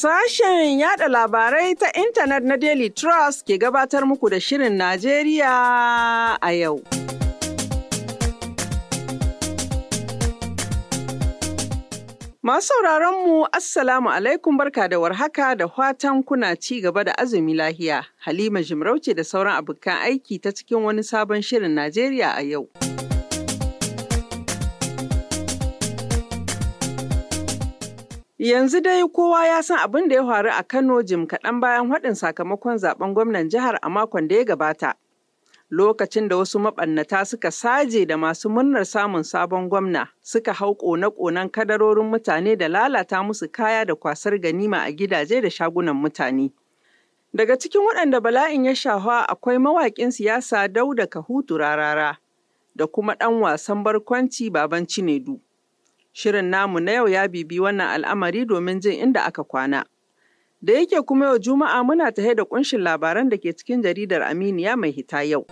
Sashen yada labarai ta intanet na Daily Trust ke gabatar muku da Shirin Najeriya a yau. Masu mu Assalamu alaikum barka da warhaka da fatan kuna ci gaba da azumi lahiya. Halima Jimarauce da sauran abokan aiki ta cikin wani sabon Shirin Najeriya a yau. Yanzu dai kowa ya san abin da ya faru a Kano jim kaɗan bayan haɗin sakamakon zaben gwamnan jihar a makon da ya gabata. Lokacin da wasu maɓannata suka saje da masu murnar samun sabon gwamna suka hau ƙone-ƙonen kadarorin mutane da lalata musu kaya da kwasar ganima a gidaje da shagunan mutane. Daga cikin waɗanda bala'in ya shafa akwai mawaƙin siyasa Dauda Kahutu Rarara da kuma ɗan wasan barkwanci Baban Cinedu. Shirin namu na yau ya bibi wannan al'amari domin jin inda aka kwana. Da yake kuma yau Juma'a muna tahe da ƙunshin labaran da ke cikin jaridar Aminiya mai hita yau.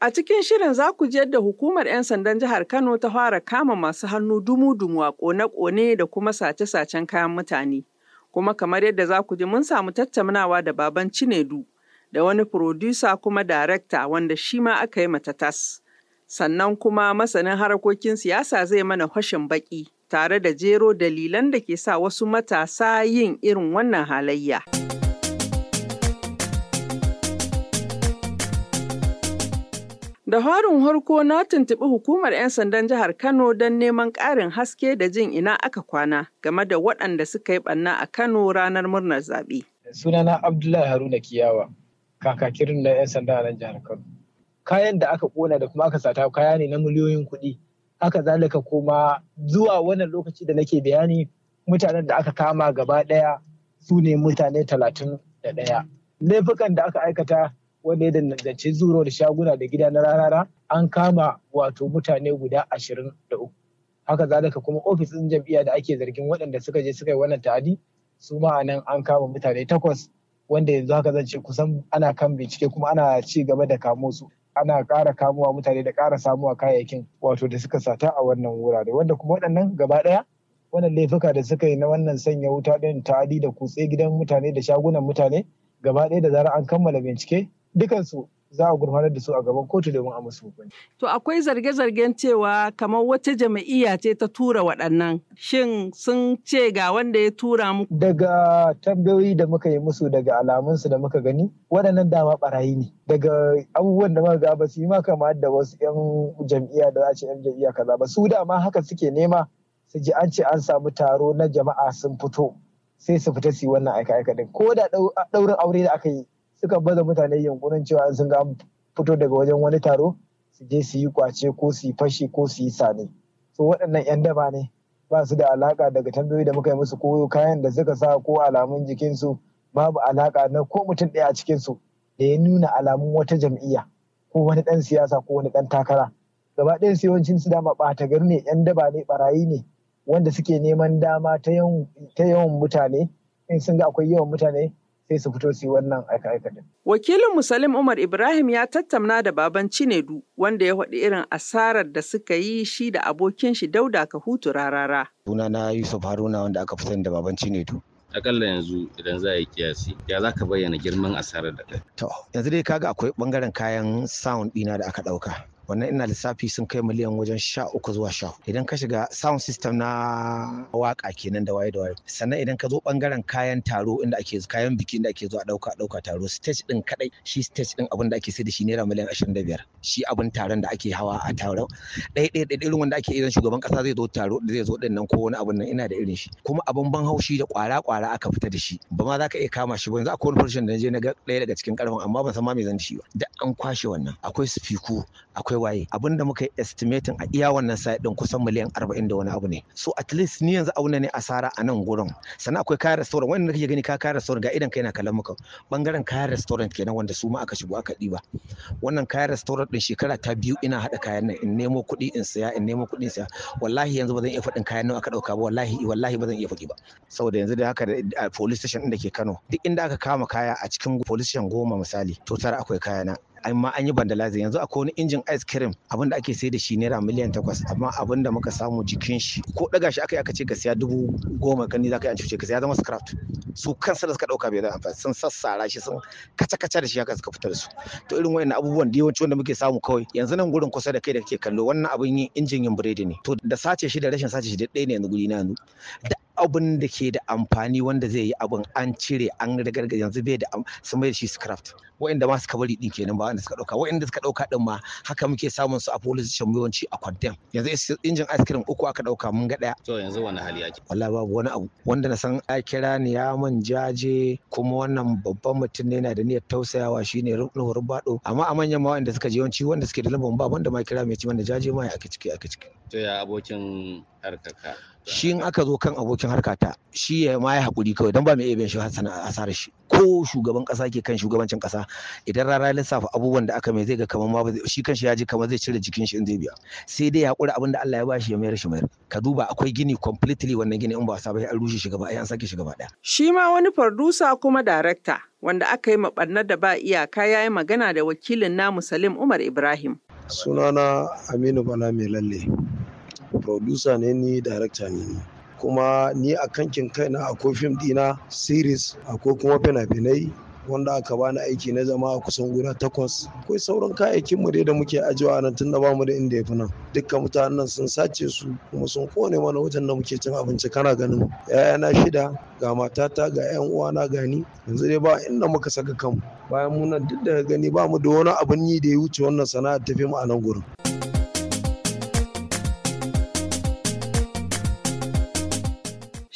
A cikin shirin za ku ji yadda hukumar 'yan sandan jihar Kano ta fara kama masu hannu dumu-dumu a kone-kone da kuma sace-sacen kayan mutane. Kuma kamar yadda za ku ji mun samu tattaunawa da baban Cinedu da wani furodusa kuma darekta wanda shi ma aka yi mata tas. Sannan kuma masanin harkokin siyasa zai mana hashin baki tare da jero dalilan da ke sa wasu matasa yin irin wannan halayya. Da harin harko na tuntuɓi hukumar 'yan sandan jihar Kano don neman ƙarin haske da jin ina aka kwana game da waɗanda suka yi ɓanna a Kano ranar murnar zaɓe. Sunana Abdullahi Haruna Kiyawa. kakakirin na 'yan sanda a nan jihar Kano. Kayan da aka kona da kuma aka sata kaya ne na miliyoyin kuɗi. Haka zalika kuma zuwa wannan lokaci da nake bayani mutanen da aka kama gaba ɗaya su ne mutane talatin da ɗaya. Laifukan da aka aikata wanda ya danganci zuro da shaguna da gida na rarara an kama wato mutane guda ashirin da uku. Haka zalika kuma ofisin jam'iyya da ake zargin waɗanda suka je suka yi wannan ta'adi su ma nan an kama mutane takwas wanda yanzu haka zan ce kusan ana kan bincike kuma ana ci gaba da kamo su ana kara kamowa mutane da ƙara samuwa kayayyakin wato da suka sata a wannan wurare wanda kuma waɗannan gaba ɗaya wannan laifuka da suka yi na wannan sanya wuta ɗin ta'adi da kutse gidan mutane da shagunan mutane gaba ɗaya da zarar an kammala bincike dukansu za a gurfanar da su a gaban kotu domin a musu hukunci. To akwai zarge-zargen cewa kamar wata jama'iyya ce ta tura waɗannan shin sun ce ga wanda ya tura muku. Daga tambayoyi da muka yi musu daga alamunsu da muka gani waɗannan dama barayi ne daga abubuwan da muka ga ba su yi ma kama da wasu 'yan jam'iyya da za a ce 'yan jam'iyya kaza ba su dama haka suke nema su ji an ce an samu taro na jama'a sun fito sai su fita su yi wannan aika-aika din ko da ɗaurin aure da aka yi suka baza mutane yunkurin cewa sun ga fito daga wajen wani taro su je su yi kwace ko su yi fashi ko su yi sane so waɗannan 'yan daba ne ba su da alaka daga tambayoyi da muka yi musu ko kayan da suka sa ko alamun jikinsu babu alaka na ko mutum ɗaya a cikinsu da ya nuna alamun wata jam'iyya ko wani ɗan siyasa ko wani ɗan takara gaba ɗaya yawancin su dama ɓata gari ne 'yan daba ne ɓarayi ne wanda suke neman dama ta yawan mutane in sun ga akwai yawan mutane sai su fito su yi wannan aika aikacin. Wakilin Musalim Umar Ibrahim ya tattauna da baban Cinedu wanda ya faɗi irin asarar da suka yi shi da abokin shi Dauda Kahutu rarara. na Yusuf Haruna wanda aka fitar da baban Cinedu. akalla yanzu idan za a yi kiyasi ya za ka bayyana girman asarar da kai. To yanzu dai kaga akwai bangaren kayan sound ɗina da aka ɗauka. wannan ina lissafi sun kai miliyan wajen sha uku zuwa sha idan ka shiga sound system na waka kenan da waye da waye sannan idan ka zo bangaren kayan taro inda ake kayan biki inda ake zuwa dauka dauka taro stage din kadai shi stage din abin da ake sai da shi naira miliyan 25 shi abin taron da ake hawa a taro ɗaya ɗaya ɗaya irin wanda ake irin shugaban kasa zai zo taro zai zo din nan ko wani abun nan ina da irin shi kuma abin ban haushi da kwara kwara aka fita da shi ba ma za ka iya kama shi ba yanzu akwai wani farshen da na je na ga ɗaya daga cikin karfin amma ban san ma me zan ci ba da an kwashe wannan akwai spiku akwai kai waye abinda muka yi estimating a iya wannan site din kusan miliyan 40 da wani abu ne so at least ni yanzu auna ne asara a nan gurin sannan akwai kayan restaurant wanda kake gani ka kayan restaurant ga idan kai na kallon muka bangaren kayan restaurant kenan wanda su ma aka shigo aka diba wannan kayan restaurant din shekara ta biyu ina hada kayan nan in nemo kuɗi in saya in nemo kuɗi in saya wallahi yanzu ba zan iya faɗin kayan nan aka dauka ba wallahi wallahi ba zan iya faɗi ba saboda yanzu da haka da police station din da ke Kano duk inda aka kama kaya a cikin police station goma misali to tara akwai kayana amma an yi vandalizing yanzu akwai wani injin ice cream abin da ake sai da shi naira miliyan takwas amma abin da muka samu jikin shi ko daga shi aka aka ce ka siya dubu goma gani za ka yi an cuce ka siya zama scraft su kansa da suka dauka bai da amfani sun sassara shi sun kaca-kaca da shi haka suka fitar su to irin wani abubuwan da yawanci wanda muke samu kawai yanzu nan gurin kusa da kai da kake kallo wannan abin yin injin yin biredi ne to da sace shi da rashin sace shi da ɗaya ne yanzu guri na yanzu da abin da ke da amfani wanda zai yi abin an cire an ragargaje yanzu bai da sun mai da shi scraft wa'inda ma suka bari din kenan ba wanda suka dauka Waɗanda suka dauka din ma haka muke samun su a police station yawanci a condemn yanzu injin ice cream uku aka dauka mun ga daya to yanzu wani hali yake wallahi babu wani abu wanda na san a kira ni ya man jaje kuma wannan babban mutum ne yana da niyyar tausayawa shine Nuhu Rubado amma a manyan ma wanda suka je yawanci wanda suke da lambar ba wanda ma kira mai ci wanda jaje ma ya aka ciki aka ciki to ya abokin harkaka shi in aka zo kan abokin harkata shi ya ma ya haƙuri kawai don ba mai iya biyan shi asarar shi ko shugaban ƙasa ke kan shugabancin ƙasa idan rara lissafa abubuwan da aka mai zai ga kamar ma shi kan shi ya ji kamar zai cire jikin shi in zai biya sai dai ya haƙura abin da Allah ya bashi ya mayar shi mayar ka duba akwai gini completely wannan gini in ba sa ba an rushe shi gaba an sake shi gaba ɗaya. shi ma wani fardusa kuma darakta wanda aka yi maɓannar da ba iyaka ya yi magana da wakilin namu Salim Umar Ibrahim. Sunana Aminu Bala Mai Lalle. producer ne ni director ne ni kuma ni a kankin kaina akwai fim dina series akwai kuma fina-finai wanda aka bani aiki na zama a kusan guda takwas akwai sauran kayayyakin mu da muke ajiyewa nan tun da bamu da inda ya fi nan dukkan mutanen nan sun sace su kuma sun kone mana wajen da muke cin abinci kana ganin yayana shida ga matata ga yan uwana ga ni yanzu dai ba inda muka saka kanmu bayan munan duk da gani bamu da wani abin yi da ya wuce wannan sana'ar ta fim a nan gurin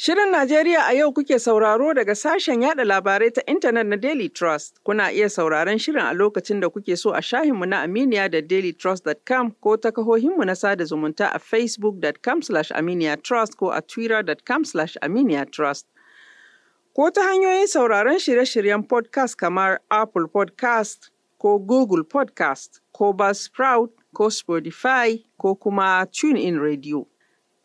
Shirin Najeriya a yau kuke sauraro daga sashen yada labarai ta intanet na Daily Trust. Kuna iya sauraron shirin a lokacin da kuke so a shahinmu na Aminiya da dailytrust.com ko ta kahohinmu na sada zumunta a facebook.com trust ko a twitter.com trust Ko ta hanyoyin sauraron shirye-shiryen podcast kamar Apple podcast ko Google podcast ko Buzzsprout ko Spotify ko kuma TuneIn Radio.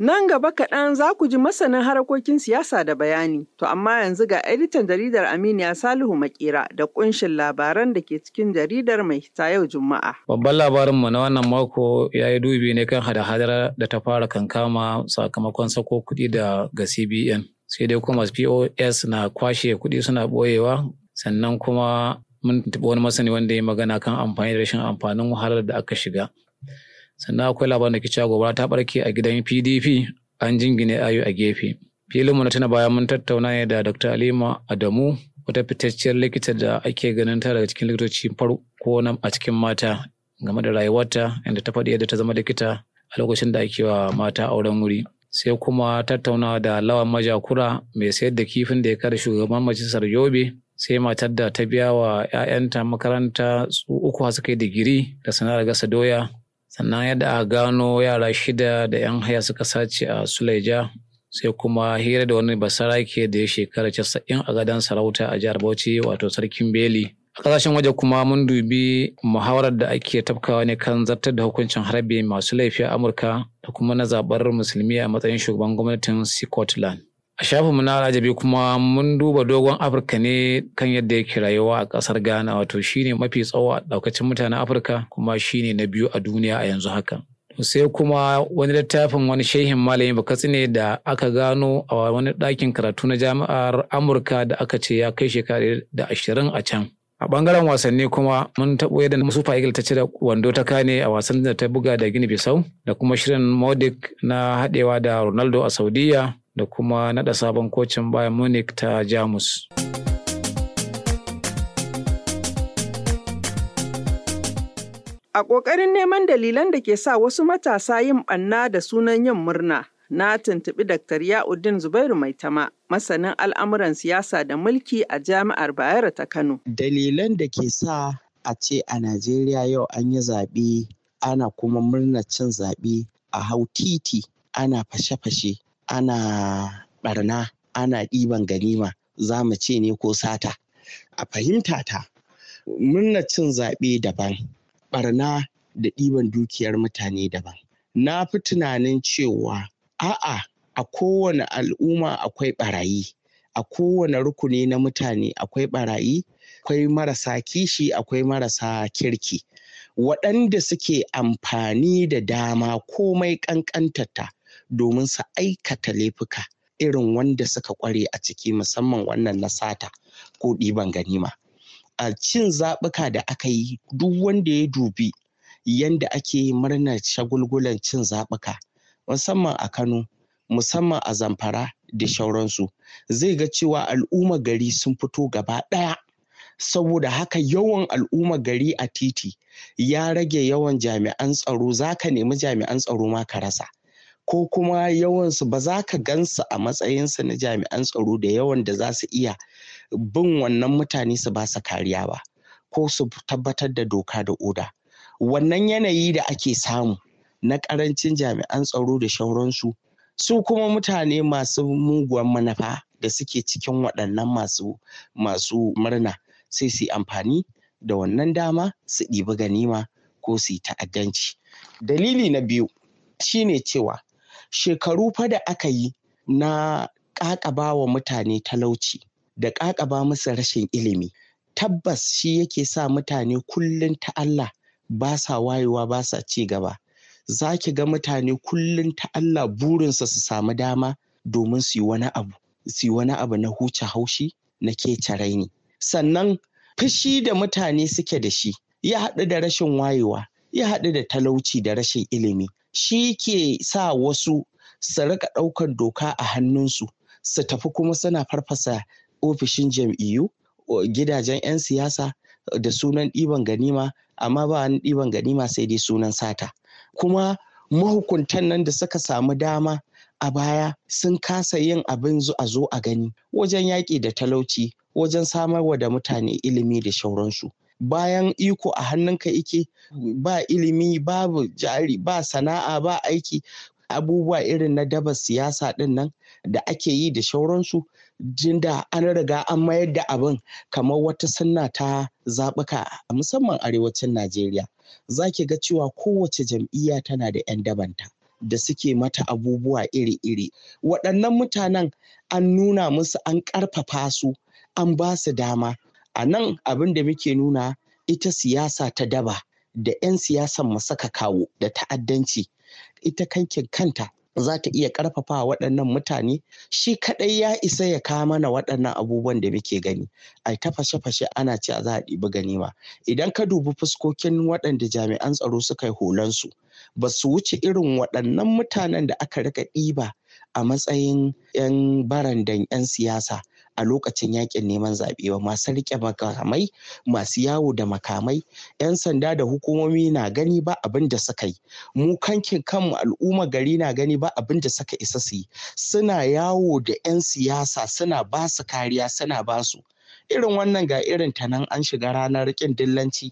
Nan gaba kaɗan za ku ji masanin harakokin siyasa da bayani, to amma yanzu ga editan jaridar Aminiya Salihu Makera da kunshin labaran da ke cikin jaridar mai hita yau Juma'a. Babban labarin mu na wannan mako ya yi dubi ne kan hada-hadar da ta fara kankama sakamakon sako kuɗi ga CBN. Sai dai kuma POS na kwashe kuɗi suna ɓoyewa, sannan kuma mun taɓa wani masani wanda ya magana kan amfani da rashin amfanin wahalar da aka shiga. sannan akwai labarin da ke cewa gobara ta barke a gidan pdp an jingine ayo a gefe Filin mu na tana baya mun tattauna ne da dr alima adamu wata fitacciyar likita da ake ganin ta daga cikin likitoci farko na a cikin mata game da rayuwarta inda ta faɗi yadda ta zama likita a lokacin da ake wa mata auren wuri sai kuma tattauna da lawan majakura mai sayar da kifin da ya kare shugaban majalisar yobe sai matar da ta biya wa 'ya'yanta makaranta su uku suka yi digiri da sana'ar gasa doya sannan yadda a gano yara shida da 'yan haya suka sace a suleja sai kuma hira da wani basarake da ya shekara casa'in a gadon sarauta a jihar bauchi wato sarkin beli a kasashen waje kuma mun dubi muhawarar da ake tafkawa ne kan zartar da hukuncin harbi masu laifi a amurka da kuma na zaɓar musulmi a matsayin shugaban gwamnatin scotland A shafinmu na Rajabi kuma mun duba dogon Afirka ne kan yadda yake rayuwa a ƙasar Ghana wato shine mafi tsawo a ɗaukacin mutanen Afirka kuma shine na biyu a duniya a yanzu haka. Sai kuma wani littafin wani shehin malamin bakatsi ne da aka gano a wani ɗakin karatu na jami'ar Amurka da aka ce ya kai shekara da ashirin a can. A ɓangaren wasanni kuma mun taɓo yadda Musufa Eagle ta ci da wando ta kane a wasan da ta buga da Gini Bisau da kuma shirin Modic na haɗewa da Ronaldo a Saudiya da kuma naɗa sabon kocin bayan Munich ta Jamus. A ƙoƙarin neman dalilan da ke sa wasu matasa yin ɓanna da sunan yin murna, na tuntuɓi Dr. Ya'uddin Zubairu mai tama masanin al'amuran siyasa da mulki a Jami'ar Bayero ta Kano. Dalilan da ke sa a ce a Najeriya yau an yi zaɓe ana kuma murnar cin zaɓe a hau titi ana fashe-fashe ana barna ana ɗiban ganima za mu ce ne ko sata a fahimta ta muna cin zaɓe daban barna da ɗiban dukiyar mutane daban na fi tunanin cewa a'a a kowane al'umma akwai ɓarayi, a kowane rukuni na mutane akwai ɓarayi, akwai marasa kishi akwai marasa kirki waɗanda suke amfani da dama komai ƙanƙantatta. domin su aikata laifuka irin wanda suka kware a ciki musamman wannan na sata ko ɗiban ganima. A cin zaɓuka da aka yi duk wanda ya dubi yanda ake murnar shagulgulan cin zaɓuka musamman a Kano musamman a Zamfara da shauransu zai ga cewa al'umma gari sun fito gaba ɗaya saboda haka yawan al'umma gari a titi ya rage yawan jami'an tsaro za ka nemi jami'an tsaro ma ka rasa ko kuma yawansu ba za ka gansu a matsayinsa na jami'an tsaro da yawan da za su iya bin wannan mutane su ba su kariya ba ko su tabbatar da doka da oda wannan yanayi da ake samu na karancin jami'an tsaro da shauransu su kuma mutane masu muguwan manafa da suke cikin waɗannan masu masu murna sai su yi amfani da wannan dama su ɗibi ganima ko su yi ta'addanci dalili na biyu shine cewa shekaru fa da aka yi na ƙaƙaba wa mutane talauci da ƙaƙaba musu rashin ilimi tabbas shi yake sa mutane kullum ta Allah ba sa wayewa ba sa ci gaba za ki ga mutane kullum ta Allah burinsa su samu dama domin su yi wani abu su yi wani abu na huce haushi na kece raini sannan fushi da mutane suke da shi ya haɗu da rashin wayewa ya haɗu da talauci da rashin ilimi shi ke sa wasu su rika ɗaukan doka a hannunsu su tafi kuma suna farfasa ofishin jam'iyyu gidajen 'yan siyasa da sunan ɗiban ganima amma ba wani ɗiban ganima sai dai sunan sata kuma mahukuntan nan da suka samu dama a baya sun kasa yin abin a zo a gani wajen yaƙi da talauci wajen samarwa da mutane ilimi da shauransu bayan iko a hannunka ike ba ilimi babu jari ba sana'a ba aiki abubuwa irin na daba siyasa din nan da ake yi da shauransu Da an riga an mayar da abin kamar wata sunna ta zaɓuka a musamman arewacin najeriya za ki ga cewa kowace jam'iyya tana da 'yan dabanta da suke mata abubuwa iri-iri waɗannan mutanen an nuna musu an ƙarfafa su an ba su dama a nan abin da muke nuna ita siyasa ta daba da 'yan siyasan masaka kawo da ta'addanci ita kankin kanta za ta iya ƙarfafawa waɗannan mutane shi kaɗai ya isa ya kawo mana waɗannan abubuwan da muke gani ai ta fashe-fashe ana ce za a ɗibi ganima idan ka dubi fuskokin waɗanda jami'an tsaro suka yi holansu ba su wuce irin waɗannan mutanen da aka rika ɗiba a matsayin 'yan barandan 'yan siyasa a lokacin yakin neman zaɓe ba masu riƙe makamai masu yawo da makamai 'yan sanda da hukumomi na gani ba abin da suka yi mu kankin kanmu al'umma gari na gani ba abin da suka isa su yi suna yawo da 'yan siyasa suna ba su kariya suna ba su irin wannan ga irin ta nan an shiga ranar ƙin dillanci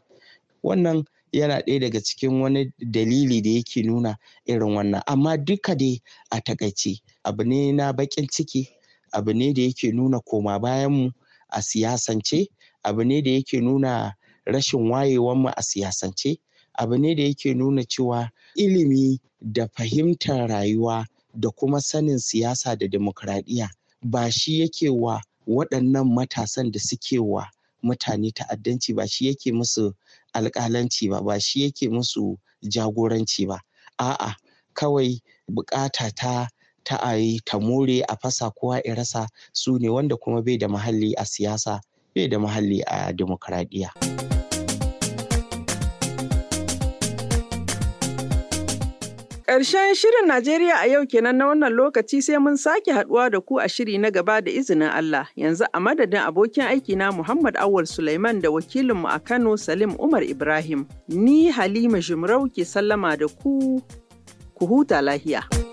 wannan yana ɗaya daga cikin wani dalili da yake nuna irin wannan amma duka dai a takaice abu ne na baƙin ciki abu ne da yake nuna koma bayanmu a siyasance abu ne da yake nuna rashin wayewanmu a siyasance abu ne da yake nuna cewa ilimi da fahimtar rayuwa da kuma sanin siyasa da demokradiyya ba shi yake wa waɗannan matasan da suke wa mutane ta'addanci ba shi yake musu alƙalanci ba ba shi yake musu jagoranci ba a'a kawai bukata ta ta a yi ta more a fasa kowa a rasa su ne wanda kuma bai da muhalli a siyasa bai da muhalli a demokaradiyya. Ƙarshen shirin Najeriya a yau kenan na wannan lokaci sai mun sake haɗuwa da ku a shiri na gaba da izinin Allah. Yanzu a madadin abokin aiki na Muhammad Awal Sulaiman da wakilinmu a Kano Salim Umar Ibrahim. Ni Halima Jumrau ke sallama da ku, ku huta lahiya.